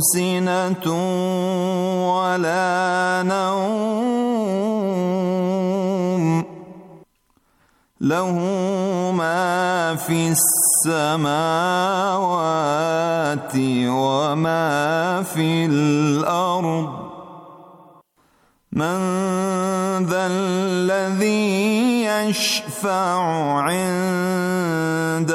سِنَةٌ وَلَا نَوْمٌ لَهُ مَا فِي السَّمَاوَاتِ وَمَا فِي الْأَرْضِ مَنْ ذَا الَّذِي يَشْفَعُ عِندَهُ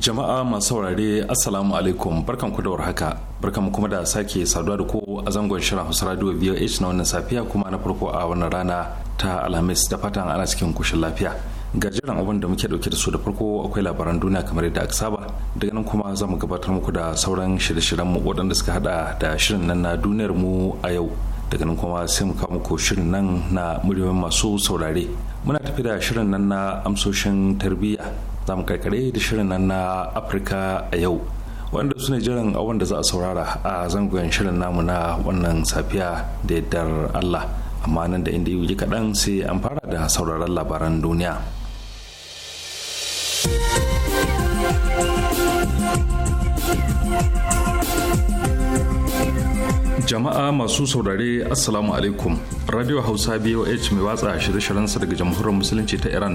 jama'a masu saurare assalamu alaikum barkan ku da haka barkan kuma da sake saduwa da ku a zangon shirin hausa radio voh na wannan safiya kuma na farko a wannan rana ta alhamis da fatan ana cikin kushin lafiya ga jiran abin da muke dauke da su da farko akwai labaran duniya kamar yadda aka saba daga nan kuma za gabatar muku da sauran shirye-shiryen mu waɗanda suka hada da shirin nan na duniyar mu a yau daga nan kuma sai mu kawo muku shirin nan na muryoyin masu saurare muna tafi da shirin nan na amsoshin tarbiyya za mu karkare da shirin nan na afirka a yau wanda su ne jiran awon da za a saurara a zangon shirin namu na wannan safiya da yaddar allah amma nan da inda yi kaɗan sai an fara da sauraron labaran duniya jama'a masu saurare assalamu alaikum radio hausa boh mai watsa shirye-shiryensa daga jamhuriyar musulunci ta iran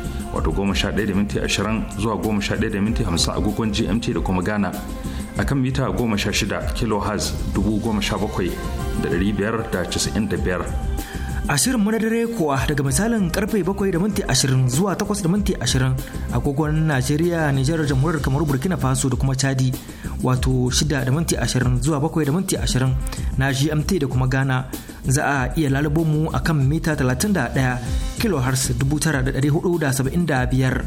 wato 11:20 zuwa 11:50 agogon gmt da kuma ghana a kan mita 16 kilohertz 17,595 ashirin na dare kuwa daga misalin karfe bakwai da minti ashirin zuwa takwas da minti ashirin agogon najeriya nijar jamhuriyar kamar burkina faso da kuma chadi wato shida da minti ashirin zuwa bakwai da minti ashirin na gmt da kuma ghana za a iya lalubo mu a kan mita 31 kilohertz 9475.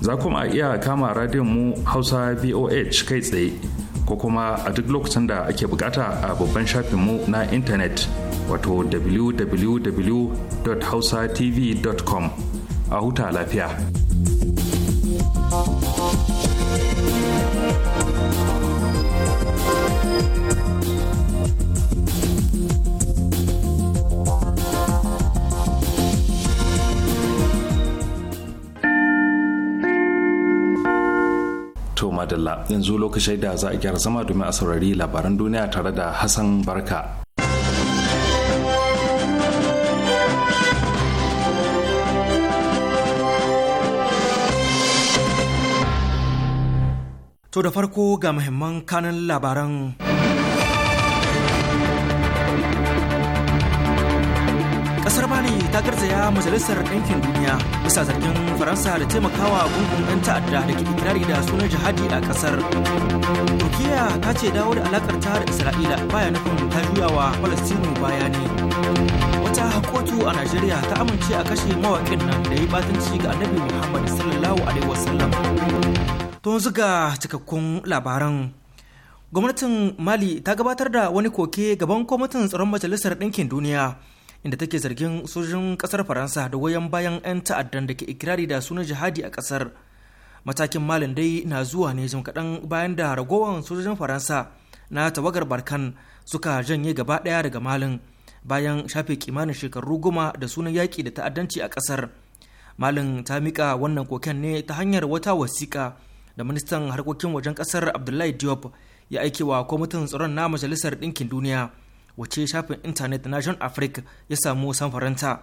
Za kuma a iya kama radiyon mu Hausa boh kai tsaye ko kuma a duk lokacin da ake bukata a babban mu na intanet wato www.hausatv.com a huta lafiya. To madalla yanzu lokacin da za a gyara zama domin a saurari labaran duniya tare da Hassan Barka. To da farko ga muhimman kanan labaran. kasar bani ta garzaya majalisar ɗinkin duniya bisa zargin faransa da taimakawa gungun 'yan ta'adda da ke ikirari da sunan jihadi a kasar turkiya ta ce dawo da alakar ta da isra'ila baya nufin ta wa falastinu baya ne wata kotu a nigeria ta amince a kashe mawaƙin nan da ya batanci ga annabi muhammad sallallahu alaihi wasallam to zuga cikakkun labaran gwamnatin mali ta gabatar da wani koke gaban kwamitin tsaron majalisar ɗinkin duniya inda take zargin sojojin kasar faransa da goyon bayan 'yan ta'addan da ke ikirari da sunan jihadi a kasar matakin malin dai na zuwa ne jim kaɗan bayan da ragowar sojojin faransa na tawagar barkan suka janye gaba ɗaya daga malin bayan shafe kimanin shekaru goma da sunan yaƙi da ta'addanci a kasar malin ta miƙa wannan koken ne ta hanyar wata wasiƙa da ministan harkokin wajen kasar abdullahi diop ya aike wa kwamitin tsaron na majalisar ɗinkin duniya wace shafin intanet na jean africa ya samu samfaranta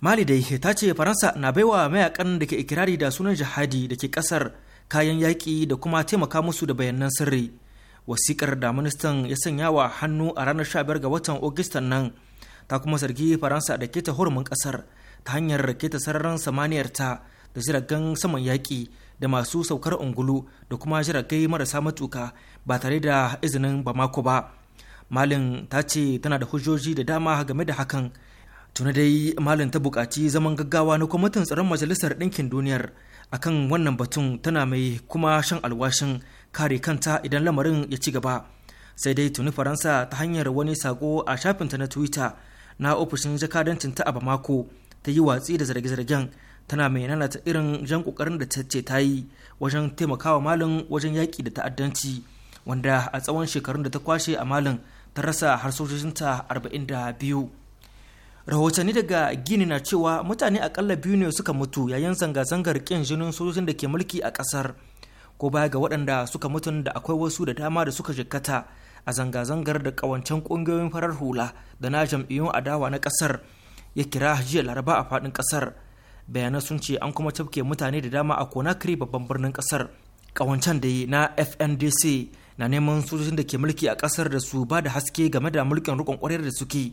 mali dai ta ce faransa na baiwa mayakan da ke ikirari da sunan jihadi da ke kasar kayan yaƙi da kuma taimaka musu da bayanan sirri wasikar da ministan ya sanya wa hannu a ranar 15 ga watan ogistan nan ta kuma zargi faransa da keta hurumin kasar ta hanyar keta sararin samaniyar ta da jiragen saman yaƙi da masu saukar ungulu da kuma jiragai marasa matuka ba tare da izinin bamako ba malin ta ce tana da hujjoji da dama game da hakan tuna dai malin ta bukaci zaman gaggawa na kwamitin tsaron majalisar ɗinkin duniyar akan wannan batun tana mai kuma shan alwashin kare kanta idan lamarin ya ci gaba sai dai tuni faransa ta hanyar wani sako a shafinta na twitter na ofishin jakadancin ta a bamako ta yi watsi da zarge-zargen tana mai nanata irin jan kokarin da ta ce ta yi wajen taimakawa malin wajen yaƙi da ta'addanci wanda a tsawon shekarun da ta kwashe a malin ta rasa har sojojinta 42 rahotanni daga gini na cewa mutane akalla biyu ne suka mutu yayin zanga-zangar kin jinin sojojin da ke mulki a kasar ko baya ga waɗanda suka mutu da akwai wasu da dama da suka jikkata a zanga-zangar da ƙawancen ƙungiyoyin farar hula da na jam'iyyun adawa na kasar ya kira jiya laraba a faɗin ƙasar bayanai sun ce an kuma tafke mutane da dama a conakry babban birnin ƙasar ƙawancen da yi na fndc na neman sojojin da ke mulki a kasar da su ba da haske game da mulkin rukun kwarar da suke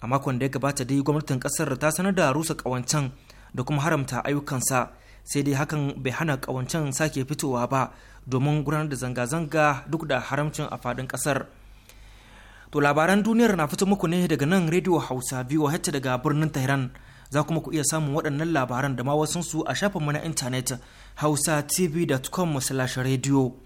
a makon da ya gabata dai gwamnatin kasar ta sanar da rusa kawancan da kuma haramta ayyukansa sai dai hakan bai hana kawancan sake fitowa ba domin gudanar da zanga-zanga duk da haramcin a fadin kasar to labaran duniyar na fito muku ne daga nan rediyo hausa biyu hatta daga birnin tehran za kuma ku iya samun waɗannan labaran da ma su a shafinmu na intanet hausa tv.com/radio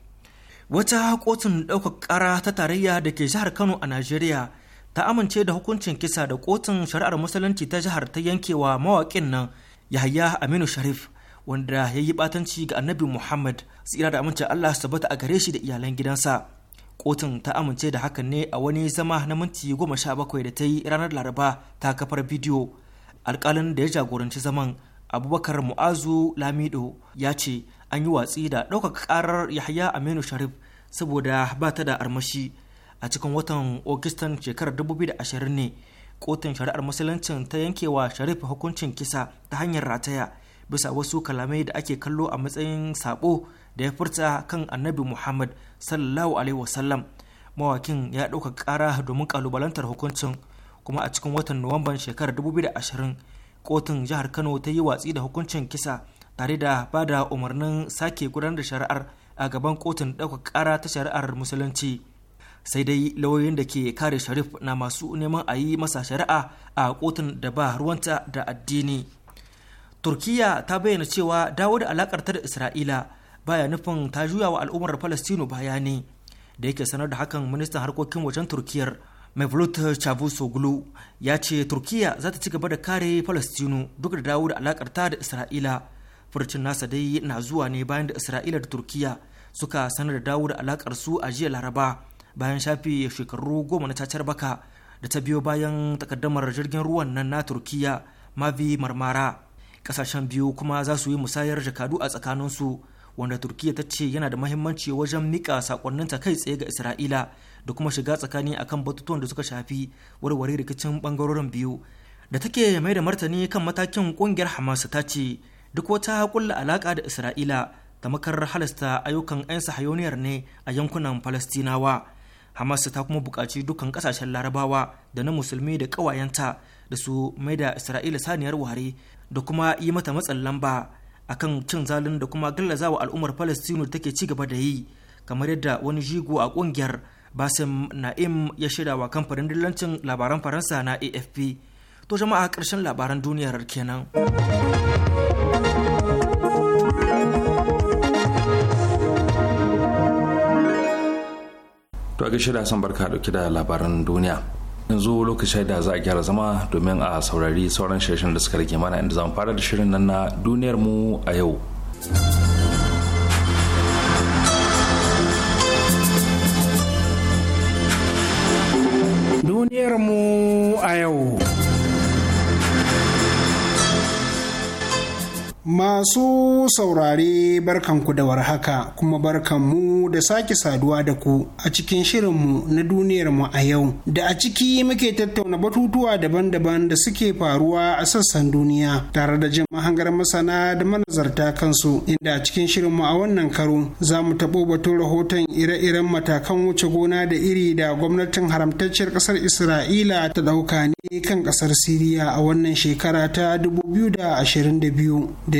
wata kotun ɗaukar ƙara ta tarayya da ke jihar kano a najeriya ta amince da hukuncin kisa da kotun shari'ar musulunci ta jihar ta yankewa mawaƙin nan yahaya aminu sharif wanda ya yi batanci ga annabi muhammad tsira da amince allah su bata a gare shi da iyalan gidansa kotun ta amince da hakan ne a wani zama na minti goma sha bakwai da ta yi ranar laraba ta kafar bidiyo alkalin da ya jagoranci zaman abubakar mu'azu lamido ya ce an yi watsi da ɗaukaka ƙarar yahya aminu sharif saboda ba ta da armashi a cikin watan Ogistan shekarar 2020 ne kotun shari'ar musuluncin ta yankewa sharif hukuncin kisa ta hanyar rataya bisa wasu kalamai da ake kallo a matsayin sabo da ya furta kan annabi muhammad sallallahu alaihi wasallam mawakin ya ɗauka ƙara domin kalubalantar hukuncin kuma a cikin watan nuwamban shekarar 2020 kotun jihar kano ta yi watsi da hukuncin kisa tare da ba da umarnin sake gudanar da shari'ar a gaban kotun ɗaukar ƙara ta shari'ar musulunci sai dai lauyoyin da ke kare sharif na masu neman a yi masa shari'a a kotun da ba ruwanta da addini turkiya ta bayyana cewa dawo da alakar ta da isra'ila baya nufin ta juya wa al'ummar palestino bayani da yake sanar da hakan ministan harkokin wajen turkiyar mevlut chavusoglu ya ce turkiya za ta ci gaba da kare palestino duk da dawo da alakar ta da isra'ila furcin nasa dai na zuwa ne bayan da isra'ila da turkiya suka sanar da dawo da alakar su a jiya laraba bayan shafe shekaru goma na cacar baka da ta biyo bayan takaddamar jirgin ruwan nan na turkiya mavi marmara kasashen biyu kuma za su yi musayar jakadu a tsakaninsu wanda turkiya ta ce yana da mahimmanci wajen mika ta kai tsaye ga isra'ila da kuma shiga tsakani akan batutuwan da suka shafi warware rikicin bangarorin biyu da take mai da martani kan matakin kungiyar hamas ta ce duk wata hakulla alaka da isra'ila ta makarar halasta ayyukan 'yan sahayoniyar ne a yankunan falastinawa hamas ta kuma buƙaci dukkan ƙasashen larabawa da na musulmi da ƙawayenta da su mai da isra'ila saniyar ware da kuma yi mata matsin lamba a kan cin zalin da kuma gallazawa al'ummar falastinu da take ci gaba da yi kamar yadda wani jigo a ƙungiyar basim na'im ya shaida wa kamfanin dillancin labaran faransa na afp to jama'a ƙarshen labaran duniyar kenan to a gaishe da san barka dauke da labaran duniya yanzu lokacin da za a gyara zama domin a saurari sauran shirin da suka rage mana inda zamu fara da shirin nan na duniyar mu a yau duniyar mu a yau Masu saurare barkanku da warhaka kuma barkanmu da sake saduwa da ku a cikin shirinmu na duniyarmu a yau da a ciki muke tattauna batutuwa daban-daban da suke faruwa a sassan duniya tare da jin mahangar masana da manazarta kansu inda a cikin shirinmu a wannan karo za mu taɓo batun rahoton ire-iren matakan wuce gona da iri da gwamnatin haramtacciyar ƙasar Isra'ila ta ɗauka ne kan ƙasar Siriya a wannan shekara ta 2022 da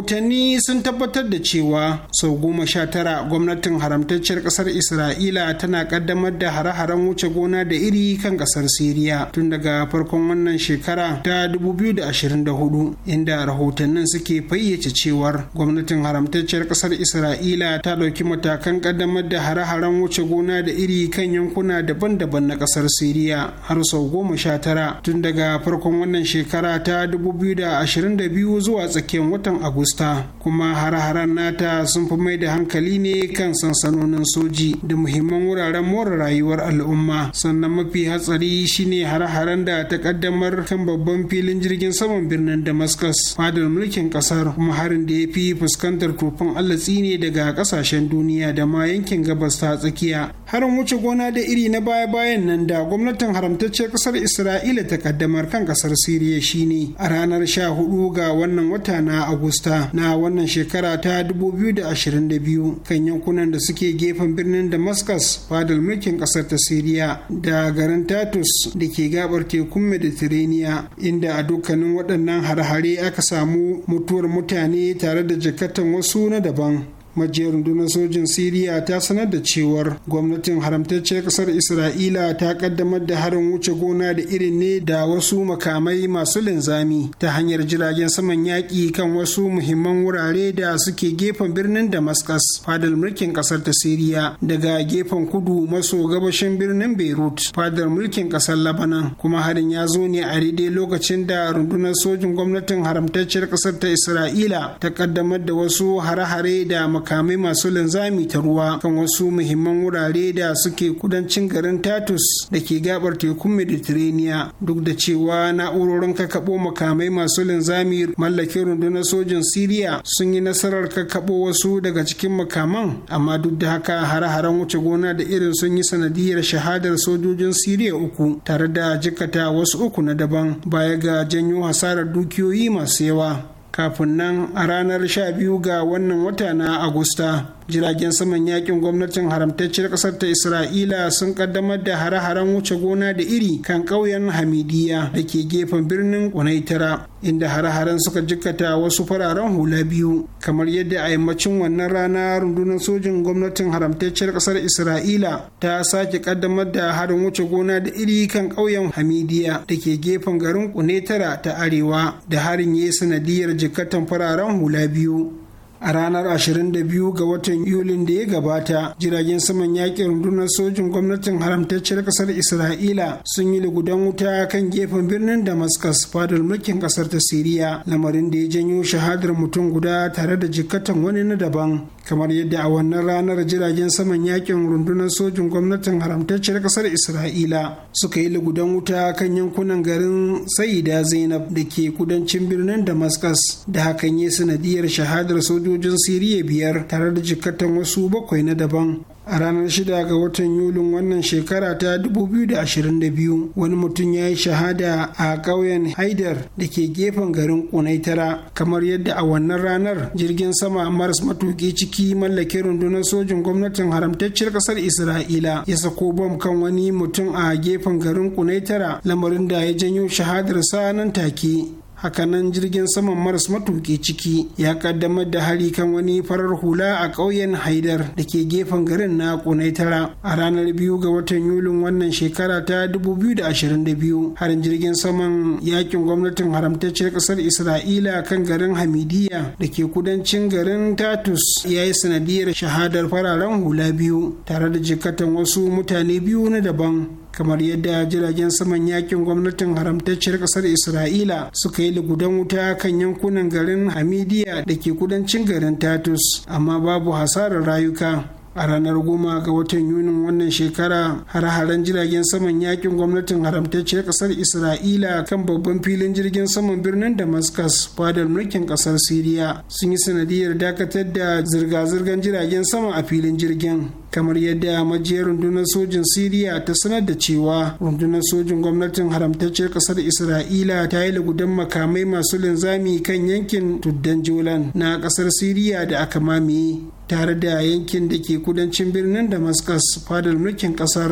rahotanni sun tabbatar da cewa sau goma sha tara gwamnatin haramtacciyar kasar isra'ila tana kaddamar da hare-haren wuce gona da iri kan kasar siriya tun daga farkon wannan shekara ta 2024 inda rahotannin suke fayyace cewar gwamnatin haramtacciyar kasar isra'ila ta ɗauki matakan kaddamar da hare-haren wuce gona da iri kan yankuna daban-daban na kasar siriya har sau goma sha tara tun daga farkon wannan shekara ta 2022 zuwa tsakiyar watan agusta Augusta kuma har-haren nata sun fi mai da hankali ne kan sansanonin soji da muhimman wuraren more rayuwar al'umma sannan mafi hatsari shine har-haren da ta kaddamar kan babban filin jirgin saman birnin damascus fadar mulkin kasar kuma harin da ya fi fuskantar tofin allatsi ne daga kasashen duniya da ma yankin gabas ta tsakiya harin wuce gona da iri na baya-bayan nan da gwamnatin haramtacciyar kasar isra'ila ta kaddamar kan kasar siriya shine a ranar 14 ga wannan wata na agusta na wannan shekara ta 2022 kan yankunan da suke gefen birnin Damascus fadar mulkin kasar ta Siriya da garin Tatus da ke gabar tekun Mediterranea. inda a dukkanin waɗannan har-hare aka samu mutuwar mutane tare da jakatan wasu na daban. majiyar rundunar sojin siriya ta sanar da cewar gwamnatin haramtacciyar kasar isra'ila ta kaddamar da harin wuce gona da irin ne da wasu makamai masu linzami ta hanyar jiragen saman yaƙi kan wasu muhimman wurare da suke gefen birnin damascus fadar mulkin kasar ta siriya daga gefen kudu maso gabashin birnin beirut fadar mulkin kasar labanan kuma harin ya zo ne a daidai lokacin da rundunar sojin gwamnatin haramtacciyar kasar ta isra'ila ta kaddamar da wasu hare-hare da makamai masu linzami ta ruwa kan wasu muhimman wurare da suke kudancin garin tatus da ke gabar tekun mediterania duk da cewa na'urorin kakabo makamai masu linzami mallakin rundunar sojin siriya sun yi nasarar kakabo wasu daga cikin makaman amma duk da haka hare-haren wuce gona da irin sun yi sanadiyar shahadar sojojin siriya uku tare da jikata wasu uku na daban baya ga janyo hasarar dukiyoyi masu yawa kafin nan a ranar 12 ga wannan wata na Agusta. jiragen saman yakin gwamnatin haramtacciyar kasar ta isra'ila sun kaddamar da hare-haren wuce gona da iri kan ƙauyen hamidiya da ke gefen birnin kunaitara inda hare-haren suka jikkata wasu fararen hula biyu kamar yadda a yammacin wannan rana rundunar sojin gwamnatin haramtacciyar kasar isra'ila ta sake kaddamar da harin wuce gona da iri kan ƙauyen hamidiya da ke gefen garin kunaitara ta arewa da harin ya sanadiyar jikkatan fararen hula biyu a ranar 22 ga watan yulin da ya gabata jiragen saman yakin rundunar sojin gwamnatin haramtacciyar ƙasar isra'ila sun yi lugudan wuta kan gefen birnin damascus fadar mulkin kasar ta siriya lamarin da ya janyo shahadar mutum guda tare da jikkatan wani na daban kamar yadda a wannan ranar jiragen saman yakin rundunar sojin gwamnatin haramtacciyar kasar isra'ila suka yi lugudan wuta kan yankunan garin sa'ida zainab da ke kudancin birnin damascus da hakan yi sanadiyar shahadar sojojin siriya biyar tare da jikatan wasu bakwai na daban a ranar 6 ga watan yulin wannan shekara ta 2022 wani mutum ya yi shahada a ƙauyen haidar da ke gefen garin kunaitara kamar yadda a wannan ranar jirgin sama maras matuƙi ciki mallake rundunar sojin gwamnatin haramtacciyar ƙasar isra'ila ya sako bom kan wani mutum a gefen garin kunaitara lamarin da ya janyo shahadar sa nan take hakanan jirgin saman maras matuƙi ciki ya kaddamar da hari kan wani farar hula a ƙauyen haidar da ke gefen garin na tara a ranar biyu ga watan yulin wannan shekara ta 2022 harin jirgin saman yakin gwamnatin haramtacciyar ƙasar isra'ila kan garin hamidiya da ke kudancin garin tatus ya yi sanadiyar shahadar fararen hula biyu tare da jikatan wasu mutane biyu na daban kamar yadda jiragen saman yakin gwamnatin haramtacciyar kasar isra'ila suka yi lugudan wuta kan yankunan garin hamidiya da ke kudancin garin tatus amma babu hasarar rayuka a ranar goma ga watan yunin wannan shekara har-haren jiragen saman yakin gwamnatin haramtacciyar kasar isra'ila kan babban filin jirgin saman birnin damascus fadar mulkin kasar siriya sun yi sanadiyar dakatar da zirga-zirgar jiragen sama a filin jirgin kamar yadda majiyar rundunar sojin siriya ta sanar da cewa rundunar sojin gwamnatin haramtacciyar kasar isra'ila ta yi lagudan makamai masu linzami kan yankin tuddan jolan na kasar siriya da aka mamaye tare da yankin da ke kudancin birnin damascus fadar mulkin kasar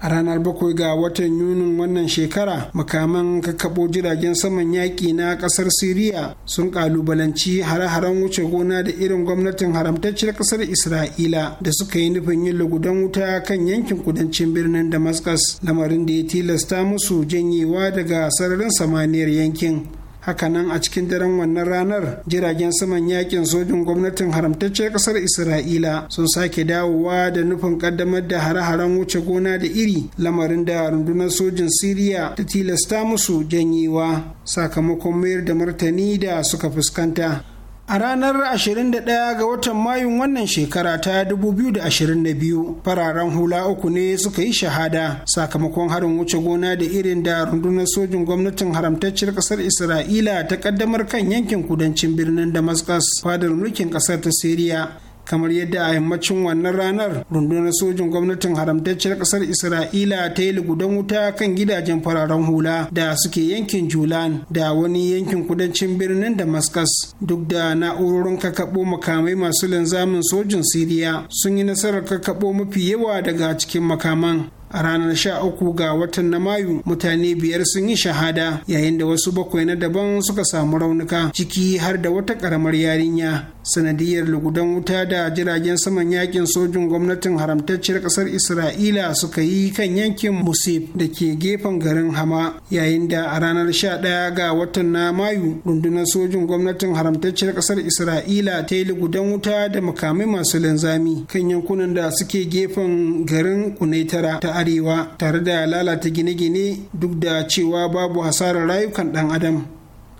a ranar bakwai ga watan yunin wannan shekara makaman kakkaɓo jiragen saman yaƙi na ƙasar siriya sun ƙalubalanci hare-haren wuce gona da irin gwamnatin haramtacciyar ƙasar isra'ila da suka yi nufin yin lugudan wuta kan yankin kudancin birnin damascus lamarin da ya tilasta musu janyewa daga sararin samaniyar yankin hakanan a cikin daren wannan ranar jiragen saman yakin sojin gwamnatin haramtaccen kasar isra'ila sun sake dawowa da nufin kaddamar da hare-haren wuce gona da iri lamarin da rundunar sojin siriya ta tilasta musu janyewa sakamakon mayar da martani da suka fuskanta A ranar 21 ga watan Mayun wannan shekara ta 2022 fararen hula uku ne suka yi shahada sakamakon harin wuce gona da irin da rundunar sojin gwamnatin haramtacciyar kasar Isra'ila ta kaddamar kan yankin kudancin birnin Damascus fadar mulkin kasar ta Siriya kamar yadda a yammacin wannan ranar rundunar sojin gwamnatin haramtacciyar kasar isra'ila ta yi lugudan wuta kan gidajen fararen hula da suke yankin julan da wani yankin kudancin birnin damascus duk da na'urorin kakaɓo makamai masu linzamin sojin siriya sun yi nasarar kakaɓo mafi yawa daga cikin makaman a ranar 13 ga watan na mayu mutane biyar sun yi shahada yayin da wasu bakwai na daban suka samu raunuka ciki har da wata karamar yarinya sanadiyar lugudan wuta da jiragen saman yakin sojin gwamnatin haramtacciyar kasar isra'ila suka yi kan yankin musib da ke gefen garin hama yayin da a ranar 11 ga watan na mayu rundunar sojin gwamnatin haramtacciyar kasar isra'ila ta yi lugudan wuta da makamai masu linzami kan yankunan da suke gefen garin kunaitara ta arewa tare da lalata gine-gine duk da cewa babu hasarar rayukan ɗan adam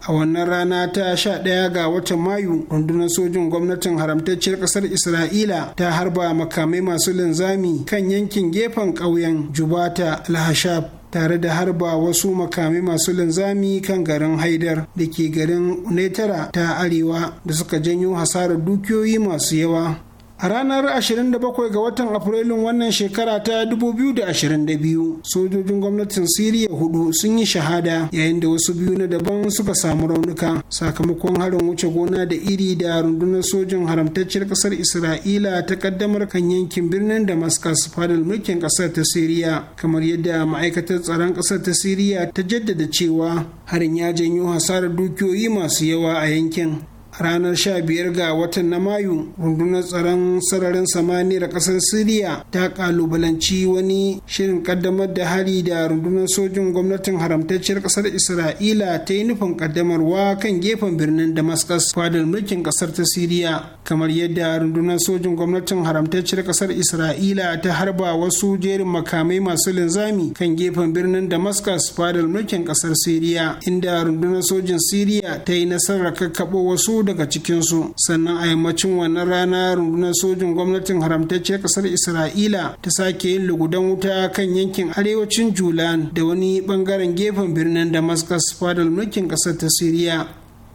a wannan rana ta sha 11 ga watan mayu rundunar sojin gwamnatin haramtacciyar ƙasar isra'ila ta harba makamai masu linzami kan yankin gefen ƙauyen jubata alhashab tare da harba wasu makamai masu linzami kan garin haidar da ke garin netara ta arewa da suka janyo hasarar dukiyoyi masu yawa A ranar 27 ga watan Afrilun wannan shekara ta 2022, sojojin gwamnatin Siriya hudu sun yi shahada yayin da wasu biyu na daban suka samu raunuka sakamakon harin wuce gona da iri da rundunar sojin haramtacciyar kasar Isra'ila ta kaddamar kan yankin birnin Damascus fadar mulkin kasar ta Siriya, kamar yadda ma'aikatar tsaron kasar ta Siriya ta jaddada cewa harin ya janyo hasarar dukiyoyi masu yawa a yankin. ranar 15 ga watan na mayu rundunar tsaron sararin samaniyar kasar siriya ta kalubalanci wani shirin kaddamar da hari da rundunar sojin gwamnatin haramtacciyar kasar isra'ila ta yi nufin kaddamarwa kan gefen birnin damascus fadar mulkin kasar ta siriya kamar yadda rundunar sojin gwamnatin haramtacciyar kasar isra'ila ta harba wasu jerin makamai masu linzami kan gefen birnin damascus fadar mulkin kasar siriya inda rundunar sojin siriya ta yi nasarar kakkaɓo wasu daga cikinsu sannan a yammacin wannan rana rundunar sojin gwamnatin haramtacciyar ƙasar isra'ila ta sake yin lugudan wuta kan yankin arewacin julan da wani bangaren gefen birnin damascus fadar mulkin kasar ta siriya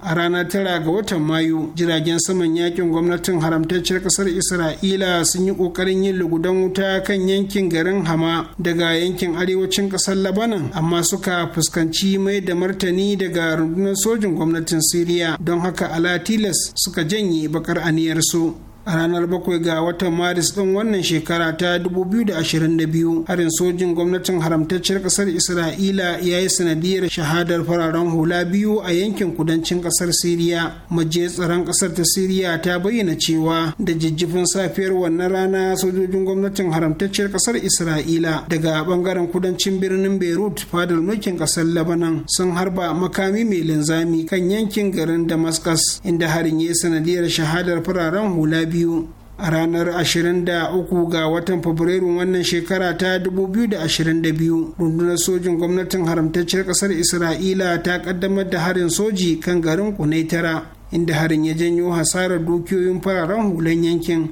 a ranar tara ga watan mayu jiragen saman yakin gwamnatin haramtacciyar kasar isra'ila sun yi kokarin yin lugudan wuta kan yankin garin hama daga yankin arewacin kasar labanan amma suka fuskanci mai da martani daga rundunar sojin gwamnatin siriya don haka ala tilas suka janye bakar aniyarsu a ranar bakwai ga watan maris ɗin wannan shekara ta 2022 harin sojin gwamnatin haramtacciyar ƙasar isra'ila ya yi sanadiyar shahadar fararen hula biyu a yankin kudancin ƙasar siriya maje tsaron ƙasar ta siriya ta bayyana cewa da jijjifin safiyar wannan rana sojojin gwamnatin haramtacciyar ƙasar isra'ila daga ɓangaren kudancin birnin beirut fadar mulkin ƙasar labanan sun harba makami mai linzami kan yankin garin damascus inda harin ya yi sanadiyar shahadar fararen hula biyu biyu a ranar 23 ga watan fabrairu wannan shekara ta 2022 rundunar sojin gwamnatin haramtacciyar kasar isra'ila ta kaddamar da harin soji kan garin kunaitara inda harin ya janyo hasarar dukiyoyin fararen hulan yankin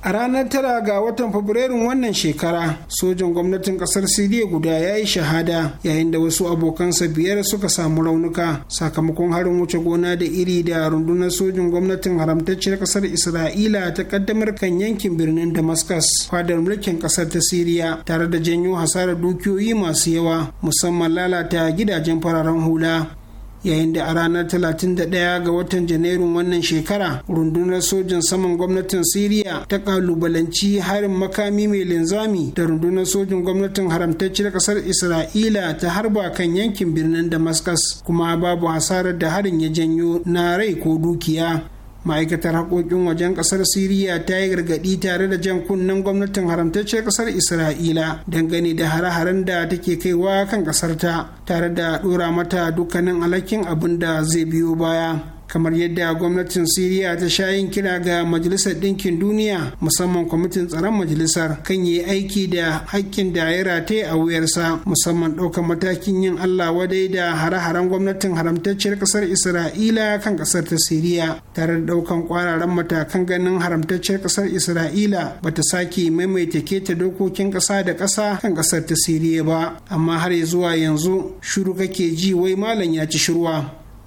A ranar tara ga watan Fabrairu wannan shekara, sojan gwamnatin kasar Siriya guda ya yi shahada yayin da wasu abokansa biyar suka samu raunuka sakamakon harin wuce gona da iri da rundunar sojan gwamnatin haramtacciyar kasar Isra'ila ta kaddamar kan yankin birnin Damascus, fadar mulkin kasar ta Siriya tare da janyo hasarar dukiyoyi masu yawa musamman lalata gidajen fararen hula yayin da a ranar 31 ga watan janairun wannan shekara rundunar sojin saman gwamnatin siriya ta kalubalanci harin makami mai linzami da rundunar sojin gwamnatin haramtacciyar kasar isra'ila ta harba kan yankin birnin damascus kuma babu hasarar da harin ya janyo na rai ko dukiya ma'aikatar haƙoƙin wajen ƙasar siriya ta yi gargaɗi tare da jan kunnen gwamnatin haramtacciyar ƙasar isra'ila dangane da hare-haren da take kaiwa kan ƙasarta tare da ɗora mata dukkanin alhakin abin da zai biyo baya kamar yadda gwamnatin siriya ta sha yin kira ga majalisar ɗinkin duniya musamman kwamitin tsaron majalisar kan yi aiki da haƙƙin da ya rataye a wuyarsa musamman ɗaukar matakin yin allah wadai da hare-haren gwamnatin haramtacciyar ƙasar isra'ila kan ƙasar ta siriya tare da ɗaukan ƙwararren matakan ganin haramtacciyar ƙasar isra'ila bata sake maimaita keta dokokin ƙasa da ƙasa kan ƙasar ta siriya ba amma har zuwa yanzu shuru kake ji wai malam ya ci shirwa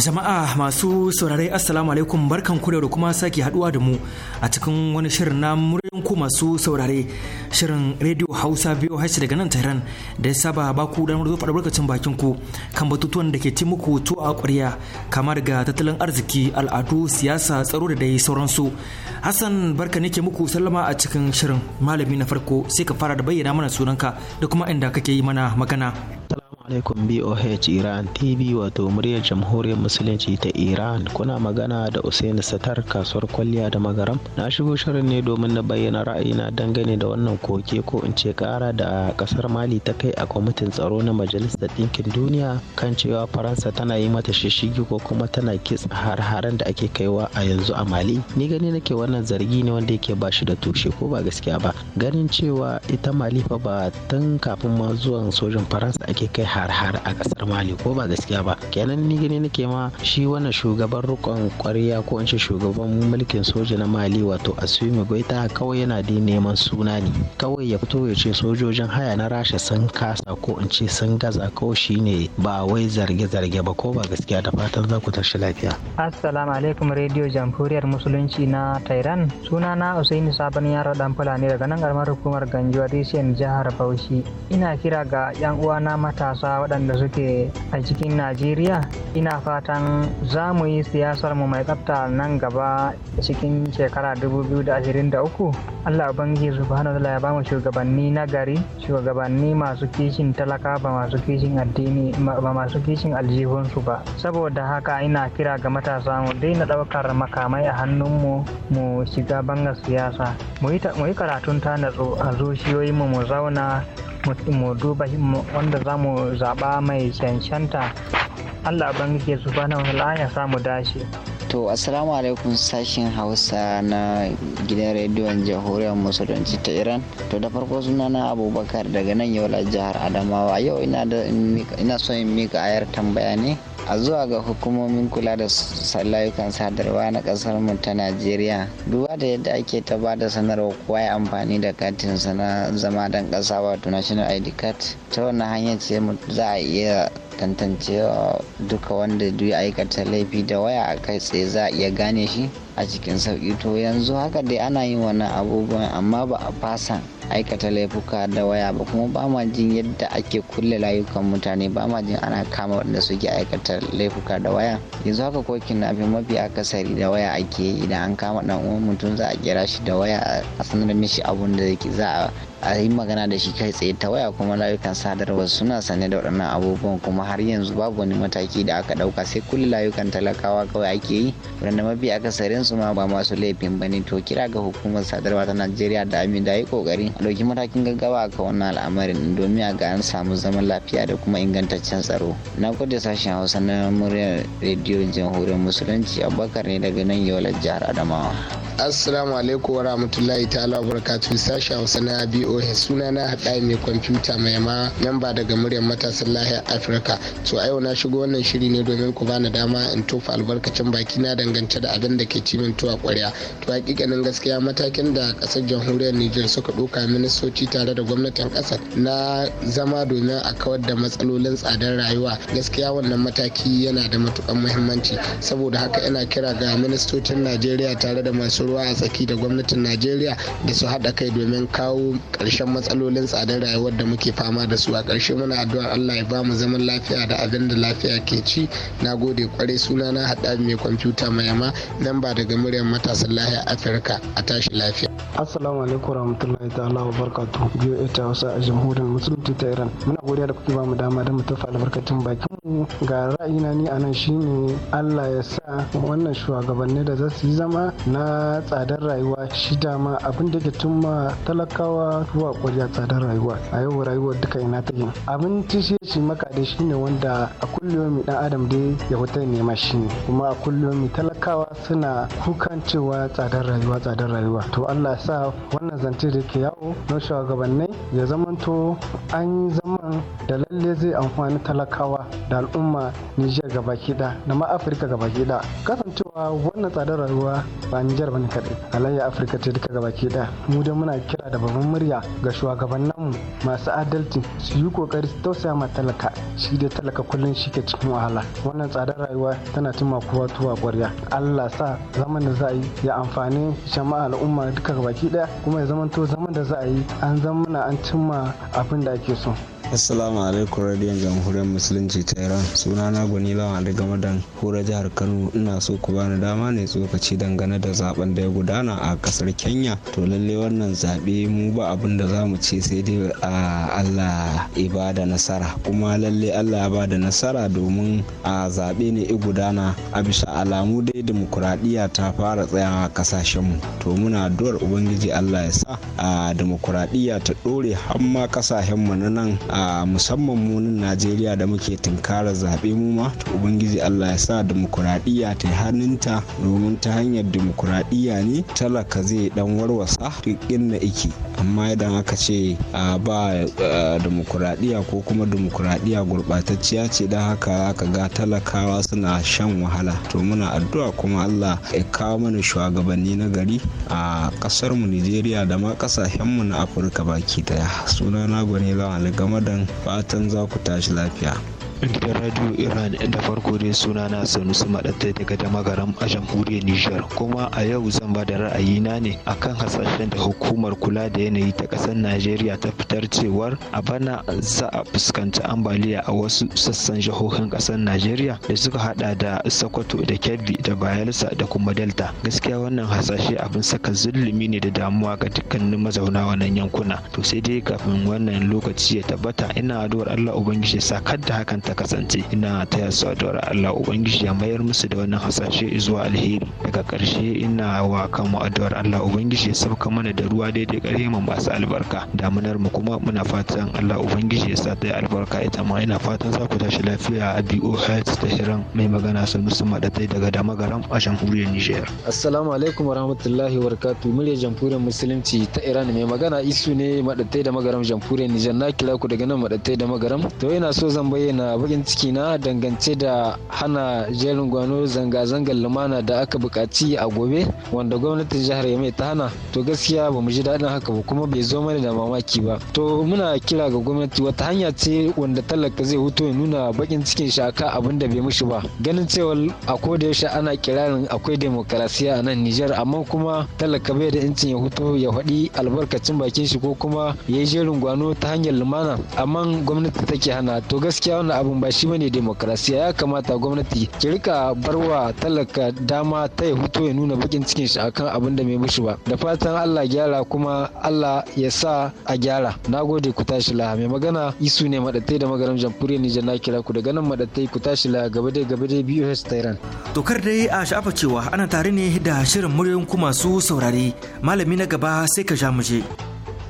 Jama'a masu saurare Assalamu alaikum barkan ku da kuma sake haduwa da mu a cikin wani shirin na muryan ku masu saurare shirin Radio Hausa biyu hashi daga nan Tehran da ya saba ba ku damar zo faɗa barkacin bakin ku kan batutuwan da ke ci muku to a ƙwarya kama daga tattalin arziki al'adu siyasa tsaro da dai sauransu. Hassan barka ne ke muku sallama a cikin shirin malami na farko sai ka fara da bayyana mana sunanka da kuma inda kake yi mana magana. alaikum BOH Iran TV wato muryar jamhuriyar musulunci ta Iran kuna magana da Usain Satar kasuwar kwalliya da magaram na shigo shirin ne domin na bayyana ra'ayina dangane da wannan koke ko in ce kara da kasar Mali ta kai a kwamitin tsaro na majalisar ɗinkin duniya kan cewa Faransa tana yi mata shishigi ko kuma tana kitsa har-haren da ake kaiwa a yanzu a Mali ni gani nake wannan zargi ne wanda yake ba shi da tushe ko ba gaskiya ba ganin cewa ita Mali fa ba tun kafin ma zuwan sojin Faransa ake kai har-har a kasar mali ko ba gaskiya ba kenan ni gani nake ma shi wannan shugaban rikon kwarya ko in ce shugaban mulkin soja na mali wato asimi goita kawai yana da neman suna ne kawai ya fito ya ce sojojin haya na rasha sun kasa ko in ce sun gaza ko shine ba wai zarge-zarge ba ko ba gaskiya da fatan za ku tashi lafiya assalamu alaikum radio jamhuriyar musulunci na tehran suna na usaini sabon yaro dan fulani daga nan karamar hukumar ganjuwa dcn jihar bauchi ina kira ga yan uwana matasa matasa waɗanda suke a cikin najeriya ina fatan za mu yi siyasar mu mai tsafta nan gaba cikin shekara 2023 allah bangi subhanahu wa ya bamu shugabanni na gari shugabanni masu kishin talaka ba masu kishin addini ba masu kishin aljihunsu ba saboda haka ina kira ga matasa mu daina ɗaukar makamai a hannunmu mu shiga bangar siyasa mu yi karatun ta natsu a zuciyoyinmu mu zauna mu duba wanda za mu zaɓa mai cancanta allah ubangiji subhanahu wa ya samu dashi To, asalamu alaikum sashen Hausa na gidan rediyon jamhuriyar musulunci ta Iran. To, da farko suna na Abubakar daga nan yau jihar Adamawa. Yau ina son in mika ayar tambaya ne a zuwa ga hukumomin kula da layukan sadarwa na kasar mu ta najeriya duba da yadda ake ta ba da sanarwa kowa ya amfani da katin na zama dan kasa wato national id card ta wannan hanyar ce za a iya tantance uh, duka wanda ya aikata laifi da waya a kai tsaye za a iya gane shi a cikin sauki to yanzu haka dai ana yin wani abubuwan amma ba a fasa aikata laifuka da waya ba kuma ba ma jin yadda ake kulle layukan mutane ba ma jin ana kama wanda suke aikata laifuka da waya yanzu haka ko kidnapping mafi akasari da waya ake yi idan an kama dan uwan mutum za a kira shi da waya a sanar mishi abun da za a a yi magana da shi kai tsaye ta waya kuma layukan sadarwa suna sane da waɗannan abubuwan kuma har yanzu babu wani mataki da aka ɗauka sai kulle layukan talakawa kawai ake yi wanda mafi akasarin su ma ba masu laifin bane to kira ga hukumar sadarwa ta najeriya da amin da yi kokari a ɗauki matakin gaggawa akan wannan al'amarin domin a ga an samu zaman lafiya da kuma ingantaccen tsaro na gode sashen hausa na muryar rediyo jamhuriyar musulunci abubakar ne daga nan yau jihar adamawa assalamu alaikum wa ta ta'ala wa barakatuhu sashen hausa na biyu BOH suna na haɗa mai kwamfuta mai ma namba daga muryar matasan lahiyar Afirka. To a yau na shigo wannan shiri ne domin ku bani dama in tofa albarkacin baki na dangance da abin da ke cimin tuwa ƙwarya. To hakikanin gaskiya matakin da ƙasar jamhuriyar Nijar suka ɗauka ministoci tare da gwamnatin ƙasar na zama domin a kawar da matsalolin tsadar rayuwa gaskiya wannan mataki yana da matukan muhimmanci saboda haka ina kira ga ministocin najeriya tare da masu ruwa a tsaki da gwamnatin najeriya da su haɗa kai domin kawo ƙarshen matsalolin tsadar rayuwar da muke fama da su a ƙarshe muna addu'ar Allah ya bamu zaman lafiya da abin da lafiya ke ci na gode kwarai suna na haɗa mai kwamfuta mai yama nan ba daga muryar matasan lahiyar afirka a tashi lafiya assalamu alaikum warahmatullahi ta'ala wa barkatu biyo ita wasu a jamhuriyar musulunci ta iran muna godiya da kuke bamu dama da mu tafi albarkacin bakin mu ga ra'ayina ni anan shine Allah ya sa wannan shugabanni da za su yi zama na tsadar rayuwa shi dama abin da ke tumma talakawa zuwa kwarya tsadar rayuwa a yau rayuwar duka ina ta yi abin tishe shi maka da shine wanda a kullum dan adam dai ya hutar nema shi ne kuma a kullum talakawa suna kukan cewa tsadar rayuwa tsadar rayuwa to Allah sa wannan zance da ke yawo na shugabannai ya zamanto an zama mu da lalle zai amfani talakawa da al'umma Nijar gaba da da ma Afirka gaba da kasancewa wannan tsadar rayuwa ba Nijar bane kadai halayya Afirka ce duka gaba da mu da muna kira da babban murya ga shugabanninmu masu adalci su yi kokari su tausaya ma talaka shi da talaka kullum shi ke cikin wahala wannan tsadar rayuwa tana tuma kowa tuwa gwarya Allah sa zaman da za a yi ya amfani jama'a al'umma duka gaba ɗaya kuma ya zamanto zaman da za a yi an zama an cimma abin da ake so assalamu alaikum radiyon jamhuriyar musulunci ta iran suna na gwani lawan game da hura jihar kano ina so ku bani dama ne tsokaci dangane da zaben da ya gudana a kasar kenya to lalle wannan zaɓe mu ba abin da za mu ce sai dai a allah ibada nasara kuma lalle allah ba da nasara domin a zaɓe ne i gudana a bisa alamu dai demokuraɗiyya ta fara tsayawa mu to muna addu'ar ubangiji allah ya sa a demokuraɗiyya ta ɗore har ma mu na nan a musamman mu nan najeriya da muke tunkarar zaɓe mu ma to ubangiji allah ya sa dimokuraɗiyya ta yi hannunta domin ta hanyar dimokuraɗiyya ne talaka zai dan warwasa duk inda iki amma idan aka ce ba dimokuraɗiyya ko kuma dimokuraɗiyya gurɓatacciya ce don haka aka ga talakawa suna shan wahala to muna addu'a kuma allah ya kawo mana shugabanni na gari a mu nijeriya da ma mu na afirka baki daya sunana gwani lawan game da fatan za ku tashi lafiya. Gidan Radio Iran da farko dai suna na Sanusi Maɗatai daga Damagaram a jamhuriyar Nijar kuma a yau zan ba da ra'ayi na ne A kan hasashen da hukumar kula da yanayi ta ƙasar Najeriya ta fitar cewar a bana za a fuskanci ambaliya a wasu sassan jihohin ƙasar Najeriya da suka haɗa da Sokoto da Kebbi da Bayelsa da kuma Delta. Gaskiya wannan hasashe abin saka zulumi ne da damuwa ga dukkanin mazauna wannan yankuna. To sai dai kafin wannan lokaci ya tabbata ina addu'ar Allah Ubangiji ya sakar da hakan ta kasance ina taya su addu'ar Allah ubangiji ya mayar musu da wannan hasashe zuwa alheri daga karshe ina wa kanmu addu'ar Allah ubangiji ya sauka mana da ruwa daidai ƙarhe mu masu albarka damunar mu kuma muna fatan Allah ubangiji ya sa albarka ita ma ina fatan za ku tashi lafiya a Heights ta hiran mai magana sun musu madatai daga damagaram a jamhuriyar Nijar. Assalamu alaikum wa rahmatullahi wa barakatuh muryar jamhuriyar musulunci ta Iran mai magana isu ne madatai da magaram jamhuriyar Nijar na kira ku daga nan madatai da magaram to ina so zan bayyana bakin ciki na dangance da hana jerin gwano zanga-zangar lumana da aka bukaci a gobe wanda gwamnatin jihar yamai ta hana to gaskiya ba mu ji daɗin haka ba kuma bai zo mana da mamaki ba to muna kira ga gwamnati wata hanya ce wanda talaka zai huto ya nuna bakin cikin shi aka abin da bai mushi ba ganin cewa a koda yaushe ana kirarin akwai demokarasiya a nan Nijar amma kuma talaka bai da incin ya hutu ya faɗi albarkacin bakin shi ko kuma ya jerin gwano ta hanyar lumana amma gwamnati take hana to gaskiya wannan abu abun ba shi bane demokrasiya ya kamata gwamnati ki rika barwa talaka dama ta ya huto ya nuna bakin cikin shi akan abin da mai mushi ba da fatan Allah gyara kuma Allah ya sa a gyara nagode ku tashi la mai magana isu ne madatai da magaram jamhuriyar Nijar na kira ku daga nan madatai ku tashi la gaba dai gaba dai biyu to kar dai a sha'afa cewa ana tare ne da shirin muryoyin ku masu saurare malami na gaba sai ka ja mu je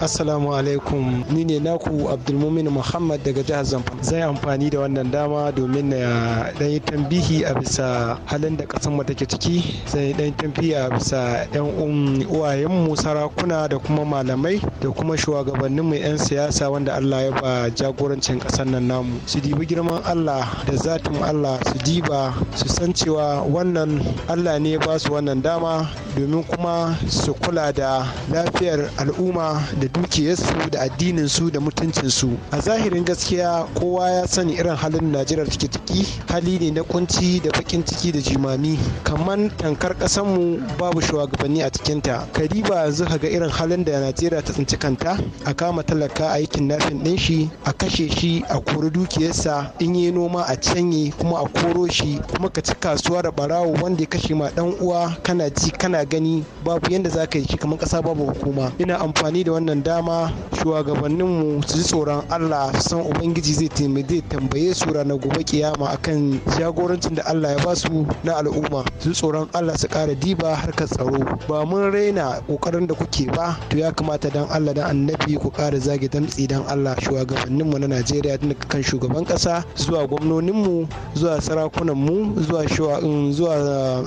assalamu alaikum ni ne naku abdulmumin muhammad daga jihar zamfara zai amfani da wannan dama domin na dan tambihi a bisa halin da kasan mu take ciki zai dan tambihi a bisa yan um, uwayen mu sarakuna da kuma malamai da kuma shugabannin mu yan siyasa wanda Allah ya ba jagorancin kasan nan namu su dibi girman Allah da zatin Allah su diba su san cewa wannan Allah ne ba su wannan dama domin kuma su kula da lafiyar al'umma da dukiyarsu da addininsu da mutuncinsu a zahirin gaskiya kowa ya sani irin halin najeriya take ciki hali ne na kunci da bakin ciki da jimami kamar tankar kasanmu babu shugabanni a cikinta kariba yanzu ga irin halin da najeriya ta tsinci kanta a kama talaka aikin nafin din shi a kashe shi a kori dukiyarsa in yi noma a canye kuma a koro shi kuma ka ci kasuwa da barawo wanda ya kashe ma dan uwa kana ji kana gani babu yanda za ka yi shi kamar kasa babu hukuma ina amfani da wannan dama shugabanninmu su ji tsoron Allah san Ubangiji zai taimake tambaye su ranar gobe kiyama akan jagorancin da Allah ya ba su na al'umma su tsoron Allah su ƙara diba harkar tsaro ba mun raina ƙoƙarin da kuke ba to ya kamata dan Allah dan annabi ku ƙara zage damtsi dan Allah shugabanninmu na Najeriya tun kan shugaban ƙasa zuwa gwamnoninmu zuwa sarakunanmu zuwa um, zuwa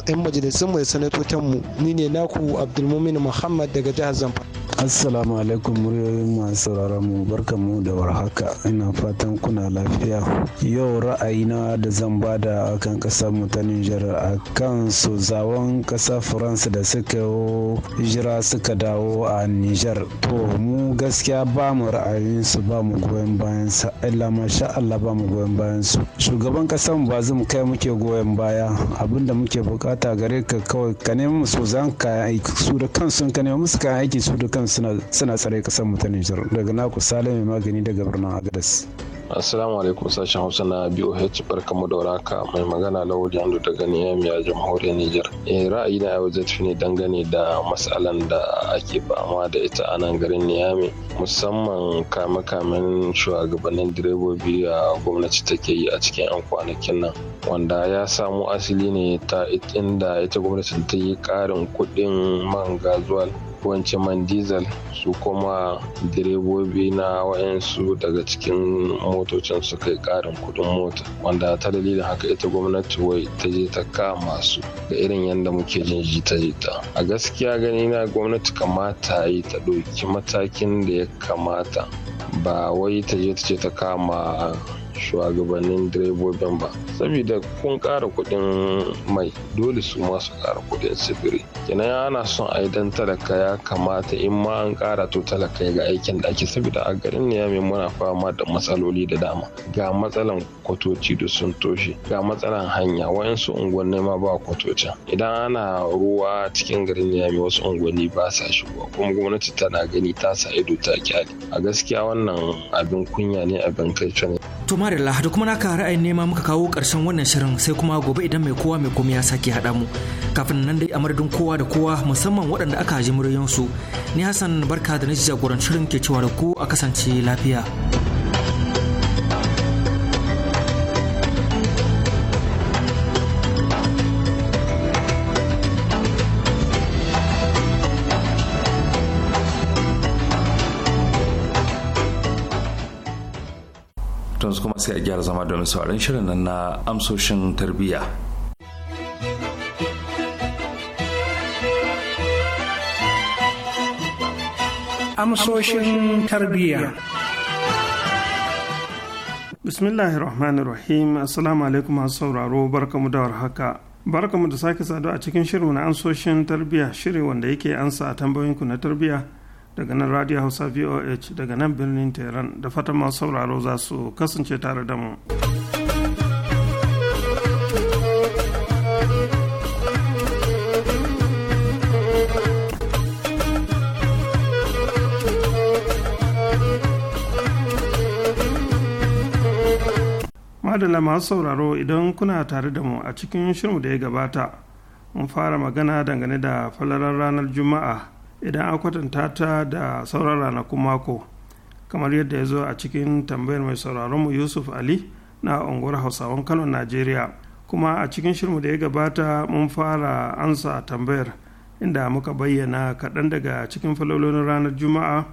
'yan uh, majalisunmu da sanatocinmu ni ne naku Abdulmumin Muhammad daga jihar Zamfara. Assalamu alaikum dukkan muryoyin masu sauraron mu barkan mu da warhaka ina fatan kuna lafiya yau ra'ayina da zan bada akan kasar mu ta Nijar akan zawon kasar France da suka jira suka dawo a Nijar to mu gaskiya ba mu ra'ayin su ba mu goyon bayan sa illa masha Allah ba mu goyon bayan su shugaban kasar mu ba zan kai muke goyon baya abinda muke bukata gare ka kawai ka nemi su zan ka aiki su da kansu ka nemi musu ka aiki su da kansu suna sarai kasar mu ta Nijar daga naku Salim Magani daga birnin Agadas. Assalamu alaikum sashen Hausa na BOH barka da waraka mai magana Lawali Andu daga Niyami a jamhuriyar Nijar. Eh ra'ayi na yau zai ne dangane da matsalan da ake fama da ita a nan garin Niyami musamman kame-kamen shugabannin direbobi a gwamnati take yi a cikin 'yan kwanakin nan wanda ya samu asali ne ta inda ita gwamnati ta yi ƙarin kuɗin man gazuwal ko man diesel su kuma direbobi na wayansu daga cikin motocin su kai karin kuɗin mota wanda ta dalilin haka ita gwamnati wai ta je ta kama su da irin yadda muke jin jita jita a gaskiya gani na gwamnati kamata yi ta ɗauki matakin da ya kamata ba wai ta je ta ce ta kama shugabannin direbobin ba saboda kun kara kuɗin mai dole su masu kara kuɗin sifiri kenan ana son a yi idan talaka ya kamata in ma an kara to talaka ga aikin da ake saboda a garin ne muna fama da matsaloli da dama ga matsalan kwatoci da sun toshe ga matsalan hanya wayansu unguwanni ma ba kwatocin idan ana ruwa cikin garin ne wasu unguwanni ba sa shigowa kuma gwamnati tana gani ta sa ido ta kyale a gaskiya wannan abin kunya ne abin kai ne. Allah da kuma naka ra'ayin nema muka kawo ƙarshen wannan shirin sai kuma gobe idan mai kowa mai komai ya sake haɗa mu. Kafin nan dai a madadin kowa da kowa musamman waɗanda aka ji muryansu. Ni Hassan barka da na jagoran shirin ke cewa da ku a kasance lafiya. yanzu kuma sai a gyara zama domin sauran shirin nan na amsoshin tarbiyya amsoshin tarbiyya bismillahir rahmanir rahim assalamu alaikum masu sauraro barkamu da warhaka barkamu da sake saduwa a cikin shirin na amsoshin tarbiyya shirin wanda yake ansa a tambayoyinku na tarbiyya daga nan radio hausa voh daga nan birnin tehran da fatan masu sauraro za su kasance tare da mu madalla masu sauraro idan kuna tare da mu a cikin shirin da ya gabata mun fara magana dangane da falalar ranar juma'a idan a kwatanta ta da sauran ranakun mako kamar yadda ya zo a cikin tambayar mai sauraronmu yusuf ali na unguwar hausawan kano najeriya kuma a cikin shirmu da ya gabata mun fara ansa tambayar inda muka bayyana kaɗan daga cikin falolin ranar juma'a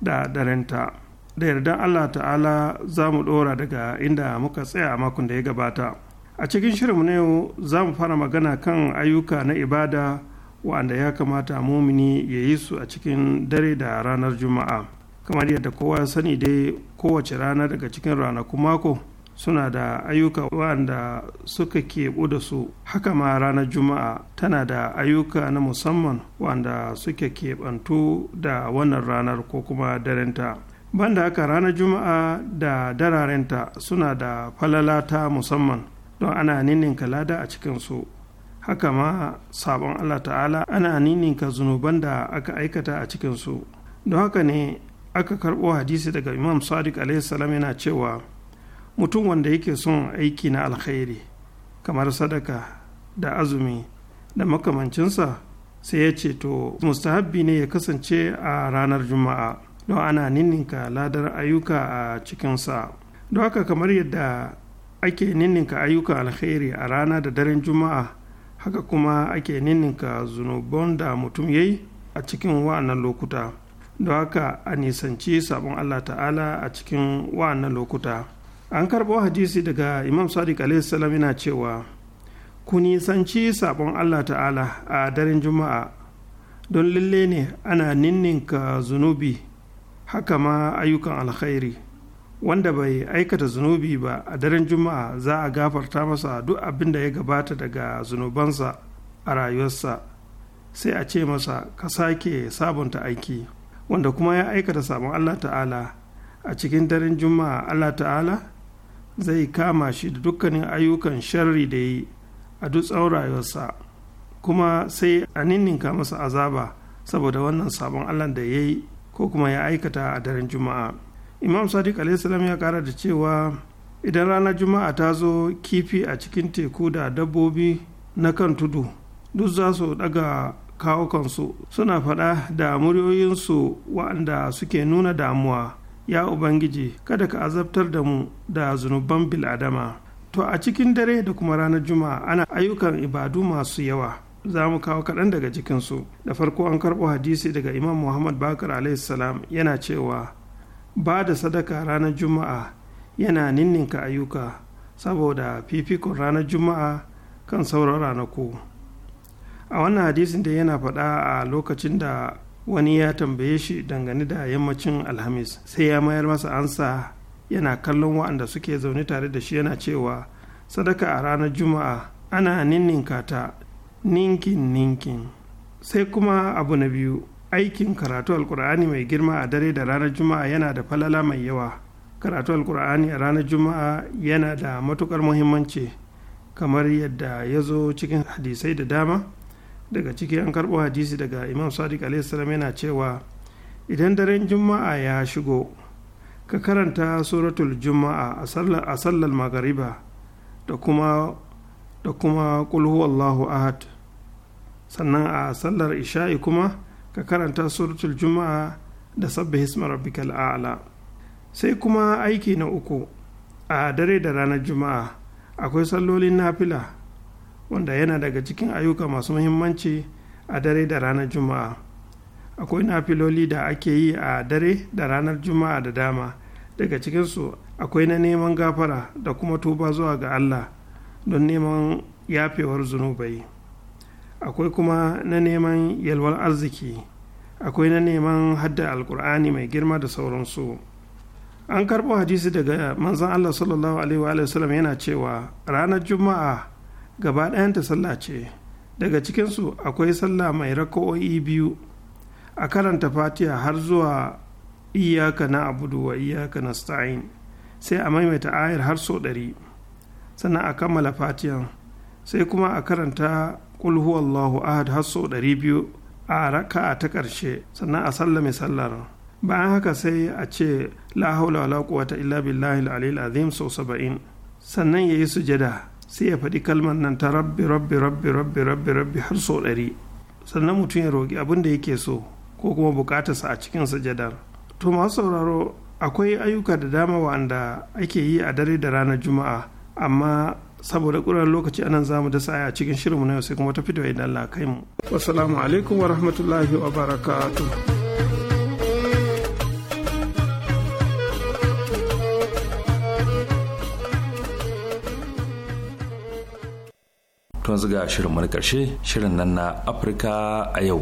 da darenta da yardan allah ta'ala za mu ɗora daga inda muka tsaya a makon da ya gabata a cikin shirinmu na yau za mu fara magana kan ayyuka na ibada wanda ya kamata mumini ya yi su a cikin dare da ranar juma'a kamar yadda kowa ya sani dai kowace rana daga cikin ranakun mako suna da ayyuka wanda suka keɓu da su haka ma ranar juma'a tana da ayyuka na musamman wanda suke keɓantu da wannan ranar ko kuma darenta banda haka ranar juma'a da dararenta suna da falala ta musamman don ana ninninka lada a cikinsu haka ma sabon Allah ta'ala ana ninninka zunuban da aka aikata a cikinsu don haka ne aka karɓo hadisi daga imam sadiq salam yana cewa mutum wanda yake son aiki na alkhairi kamar sadaka da azumi da makamancinsa sai ya ce to mustahabbi ne ya kasance a ranar juma'a don ana ninninka ladar ayyuka a cikinsa don haka kamar yadda ake ninninka ayyukan alkhairi a rana da daren juma'a haka kuma ake ninninka zunubban da mutum ya yi a cikin wa'annan lokuta don haka a nisanci sabon allah ta'ala a cikin wa'annan lokuta an karɓo hadisi daga imam sadiq salam yana cewa ku nisanci sabon allah ta'ala a daren juma'a don lalle ne ana ninninka zunubi haka ma ayyukan alkhairi wanda bai aikata zunubi ba a daren juma'a za a gafarta masa duk abin da ya gabata daga zunubansa a rayuwarsa sai a ce masa ka sake sabunta aiki wanda kuma ya aikata sabon allah ta'ala a cikin daren juma'a allah ta'ala zai kama shi da dukkanin ayyukan sharri da yi a duk tsawon rayuwarsa kuma sai a ninninka masa azaba saboda wannan sabon allah da ya yi ko kuma ya aikata a daren juma'a imam sadiq alaihissalam ya kara da cewa idan ranar juma'a ta zo kifi a cikin teku da dabbobi na kan tudu duk za su daga kawukansu suna faɗa da muryoyinsu wa'anda suke nuna damuwa ya ubangiji kada ka azabtar da mu da zunuban bil'adama to a cikin dare da kuma ranar juma'a ana ayyukan ibadu masu yawa za mu kawo kaɗan daga cikinsu da farko an karɓo hadisi daga imam muhammad bakar salam yana cewa ba da sadaka ranar juma'a yana ninninka ayyuka saboda fifikon ranar juma'a kan sauran ranaku a wannan hadisin da yana faɗa a lokacin da wani ya tambaye shi dangane da yammacin alhamis sai ya mayar masa ansa yana kallon wa'anda suke zaune tare da shi yana cewa sadaka a ranar juma'a ana ninninka ta ninkin ninkin sai kuma abu na biyu aikin karatu alkur'ani mai girma a dare da ranar juma'a yana da falala mai yawa karatu alkur'ani a ranar juma'a yana da matukar muhimmanci kamar yadda ya zo cikin hadisai da dama daga ciki an karɓo hadisi daga imam sadiq alaihissalam yana cewa idan daren juma'a ya shigo ka karanta suratul juma'a a sallar magariba da kuma da kuma ahad sannan a sallar isha'i kuma ka karanta suratul juma'a da sabbi hisma rabbikal a'la sai kuma aiki na uku a dare da ranar juma'a akwai sallolin nafila wanda yana daga cikin ayyuka masu muhimmanci a dare da ranar juma'a akwai nafiloli da ake yi a dare da ranar juma'a da dama daga cikinsu akwai na neman gafara da kuma tuba zuwa ga allah don neman yafewar zunubai akwai kuma na neman yalwar arziki akwai na neman hadda alkur'ani mai girma da sauransu an karɓo hadisi daga manzan allah sallallahu alaihi wa sallam yana cewa ranar juma'a gaba ɗayanta sallah ce daga cikinsu akwai sallah mai rako'o'i biyu a karanta Fatiya har zuwa iyaka na abudu wa iyaka na sta'in sai a maimaita ayar har so ɗari sannan a kammala fatiyan sai kuma a karanta kul huwallahu ahad har sau ɗari biyu a raka ta ƙarshe sannan a sallame sallar bayan haka sai a ce la haula wala quwwata illa billahi al azim sau saba'in sannan yayi sujada sai ya faɗi kalmar nan ta rabbi rabbi rabbi rabbi rabbi rabbi har sau ɗari sannan mutum ya roƙi abin da yake so ko kuma buƙatarsa a cikin sujadar to masu sauraro akwai ayyuka da dama wanda ake yi a dare da ranar juma'a amma saboda ƙuran lokaci anan za mu da saya a cikin shirinmu na yau sai kuma ta fito idan Allah kai mu wassalamu alaikum wa rahmatullahi wa barakatuh tun zuga shirin na karshe shirin nan na afirka a yau